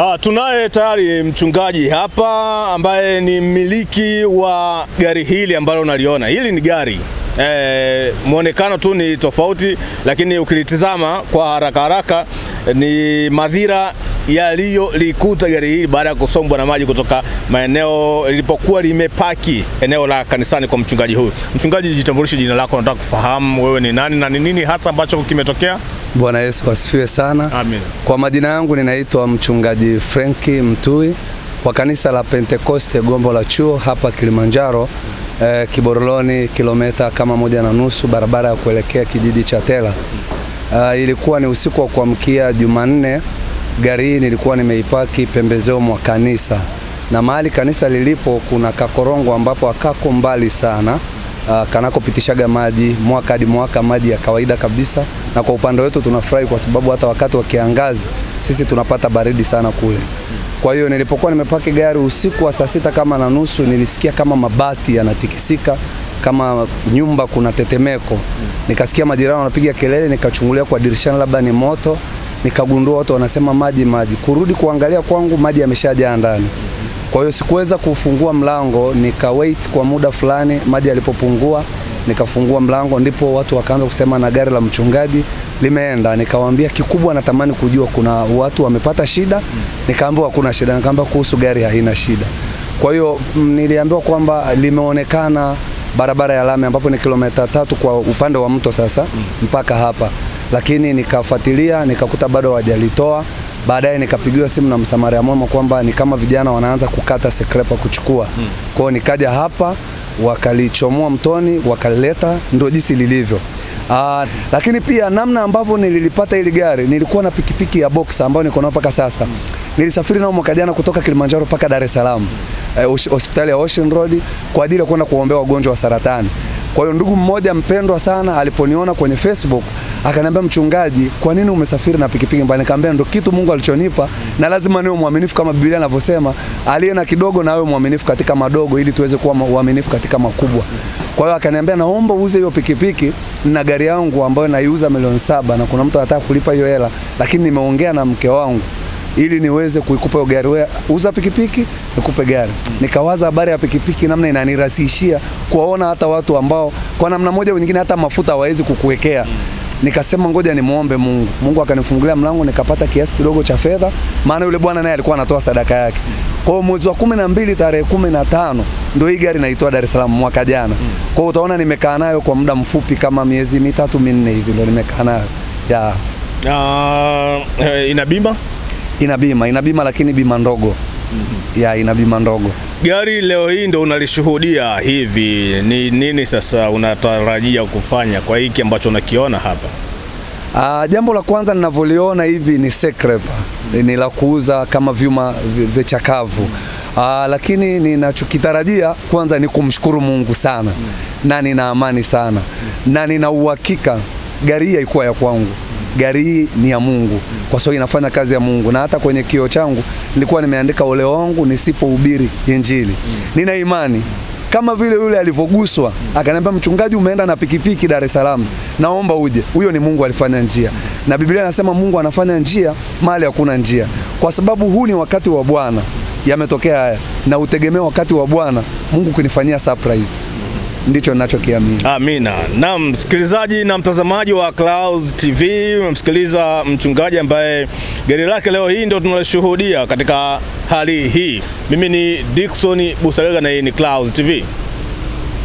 Ah, tunaye tayari mchungaji hapa ambaye ni mmiliki wa gari hili ambalo unaliona. Hili ni gari e, mwonekano tu ni tofauti, lakini ukilitizama kwa haraka haraka ni madhira yaliyolikuta gari hili baada ya kusombwa na maji kutoka maeneo lilipokuwa limepaki eneo la kanisani kwa mchungaji huyu. Mchungaji, jitambulishe jina lako, nataka kufahamu wewe ni nani na ni nini hasa ambacho kimetokea? Bwana Yesu asifiwe sana. Amen. Kwa majina yangu ninaitwa mchungaji Frenki Mtui wa kanisa la Pentekoste Gombo la Chuo hapa Kilimanjaro eh, Kiboroloni, kilomita kama moja na nusu barabara ya kuelekea kijiji cha Tela. Uh, ilikuwa ni usiku wa kuamkia Jumanne, gari hii nilikuwa nimeipaki pembezeo mwa kanisa, na mahali kanisa lilipo kuna kakorongo ambapo akako mbali sana uh, ah, kanakopitishaga maji mwaka hadi mwaka, maji ya kawaida kabisa, na kwa upande wetu tunafurahi kwa sababu hata wakati wa kiangazi sisi tunapata baridi sana kule. Kwa hiyo nilipokuwa nimepaki gari usiku wa saa sita kama na nusu, nilisikia kama mabati yanatikisika kama nyumba kuna tetemeko. Nikasikia majirani wanapiga kelele, nikachungulia kwa dirishani, labda ni moto. Nikagundua watu wanasema maji maji. Kurudi kuangalia kwangu, maji yameshajaa ndani. Kwa hiyo sikuweza kufungua mlango, nika wait kwa muda fulani, maji alipopungua nikafungua mlango, ndipo watu wakaanza kusema na gari la mchungaji limeenda. Nikawaambia kikubwa, natamani kujua kuna watu wamepata shida, nikaambiwa kuna shida, nikaambiwa kuhusu gari haina shida. Kwa hiyo mm, niliambiwa kwamba limeonekana barabara ya lami ambapo ni kilomita tatu kwa upande wa mto sasa mpaka hapa, lakini nikafuatilia nikakuta bado hawajalitoa Baadaye nikapigiwa simu na msamaria mwema kwamba ni kama vijana wanaanza kukata sekrepa kuchukua mm. Kwao nikaja hapa wakalichomoa mtoni wakalileta, ndio jinsi lilivyo. Aa, ah, lakini pia namna ambavyo nililipata hili gari, nilikuwa na pikipiki ya boxer ambayo niko nayo mpaka sasa. Hmm. Nilisafiri nao mwaka jana kutoka Kilimanjaro mpaka Dar es Salaam eh, hospitali eh, ya Ocean Road kwa ajili ya kwenda kuombea wagonjwa wa saratani. Kwa hiyo ndugu mmoja mpendwa sana aliponiona kwenye Facebook Akaniambia, mchungaji, kwa nini umesafiri na pikipiki mbali? Nikamwambia ndo kitu Mungu alichonipa na lazima niwe mwaminifu kama Biblia inavyosema, aliye na kidogo na awe mwaminifu katika madogo ili tuweze kuwa mwaminifu katika makubwa. Kwa hiyo akaniambia, naomba uuze hiyo pikipiki na gari yangu ambayo naiuza milioni saba na kuna mtu anataka kulipa hiyo hela, lakini nimeongea na mke wangu ili niweze kuikupa gari. Wewe uza pikipiki nikupe gari. Nikawaza habari ya pikipiki, namna inanirahisishia kuwaona hata watu ambao kwa namna moja au nyingine hata mafuta hawawezi kukuwekea. mm nikasema ngoja nimuombe Mungu. Mungu akanifungulia mlango nikapata kiasi kidogo cha fedha, maana yule bwana naye alikuwa anatoa sadaka yake. Kwa hiyo mwezi wa kumi na mbili tarehe kumi na tano ndio hii gari naitoa Dar es Salaam mwaka jana. Mm. Kwa hiyo utaona nimekaa nayo kwa muda mfupi kama miezi mitatu minne hivi ndio nimekaa nayo ya. Uh, ina bima? Ina bima, ina bima lakini bima ndogo. Mm-hmm. ya ina bima ndogo. Gari leo hii ndo unalishuhudia hivi, ni nini sasa unatarajia kufanya kwa hiki ambacho unakiona hapa? Uh, jambo la kwanza ninavyoliona hivi ni sekrepa ni la kuuza kama vyuma vya chakavu uh, lakini ninachokitarajia kwanza ni kumshukuru Mungu sana na nina amani sana na nina uhakika gari hii haikuwa ya kwangu gari hii ni ya Mungu, kwa sababu inafanya kazi ya Mungu. Na hata kwenye kio changu nilikuwa nimeandika, ole wangu nisipohubiri Injili. Nina imani kama vile yule alivyoguswa akaniambia, mchungaji, umeenda na pikipiki Dar es Salaam, naomba uje. Huyo ni Mungu alifanya njia, na Biblia inasema Mungu anafanya njia mahali hakuna njia, kwa sababu huu ni wakati wa Bwana. Yametokea haya na utegemea wakati wa Bwana Mungu kunifanyia surprise ndicho ninachokiamini. Amina. Na msikilizaji na mtazamaji wa Clouds TV, umemsikiliza mchungaji ambaye gari lake leo hii ndio tunalishuhudia katika hali hii. Mimi ni Dickson busagaga na hii ni Clouds TV.